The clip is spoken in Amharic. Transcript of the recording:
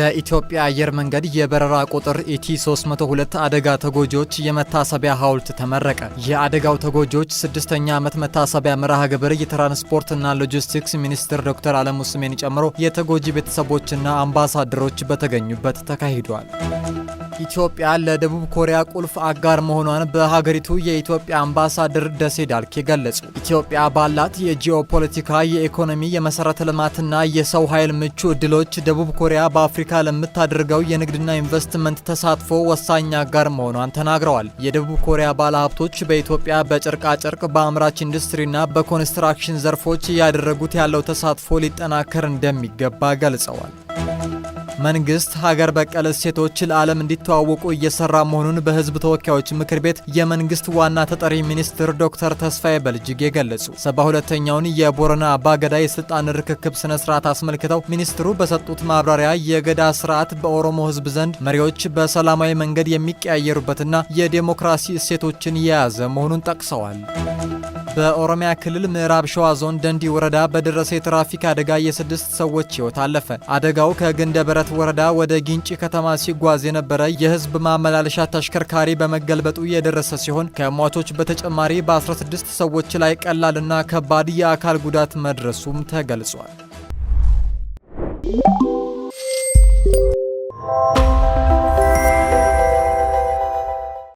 ለኢትዮጵያ አየር መንገድ የበረራ ቁጥር ኢቲ 302 አደጋ ተጎጂዎች የመታሰቢያ ሐውልት ተመረቀ። የአደጋው ተጎጂዎች ስድስተኛ ዓመት መታሰቢያ መርሃ ግብር የትራንስፖርትና ሎጂስቲክስ ሚኒስትር ዶክተር አለሙ ስሜን ጨምሮ የተጎጂ ቤተሰቦችና አምባሳደሮች በተገኙበት ተካሂዷል። ኢትዮጵያ ለደቡብ ኮሪያ ቁልፍ አጋር መሆኗን በሀገሪቱ የኢትዮጵያ አምባሳደር ደሴ ዳልኬ ገለጹ። ኢትዮጵያ ባላት የጂኦፖለቲካ፣ የኢኮኖሚ፣ የመሰረተ ልማትና የሰው ኃይል ምቹ እድሎች ደቡብ ኮሪያ በአፍሪካ ለምታደርገው የንግድና ኢንቨስትመንት ተሳትፎ ወሳኝ አጋር መሆኗን ተናግረዋል። የደቡብ ኮሪያ ባለሀብቶች በኢትዮጵያ በጨርቃጨርቅ በአምራች ኢንዱስትሪና በኮንስትራክሽን ዘርፎች እያደረጉት ያለው ተሳትፎ ሊጠናከር እንደሚገባ ገልጸዋል። መንግስት ሀገር በቀል እሴቶች ለዓለም እንዲተዋወቁ እየሰራ መሆኑን በህዝብ ተወካዮች ምክር ቤት የመንግስት ዋና ተጠሪ ሚኒስትር ዶክተር ተስፋዬ በልጅጌ ገለጹ። ሰባ ሁለተኛውን የቦረና አባገዳ የስልጣን ርክክብ ስነ ስርዓት አስመልክተው ሚኒስትሩ በሰጡት ማብራሪያ የገዳ ስርዓት በኦሮሞ ህዝብ ዘንድ መሪዎች በሰላማዊ መንገድ የሚቀያየሩበትና የዴሞክራሲ እሴቶችን የያዘ መሆኑን ጠቅሰዋል። በኦሮሚያ ክልል ምዕራብ ሸዋ ዞን ደንዲ ወረዳ በደረሰ የትራፊክ አደጋ የስድስት ሰዎች ሕይወት አለፈ። አደጋው ከግንደ በረት ወረዳ ወደ ጊንጪ ከተማ ሲጓዝ የነበረ የህዝብ ማመላለሻ ተሽከርካሪ በመገልበጡ የደረሰ ሲሆን ከሟቾች በተጨማሪ በ16 ሰዎች ላይ ቀላልና ከባድ የአካል ጉዳት መድረሱም ተገልጿል።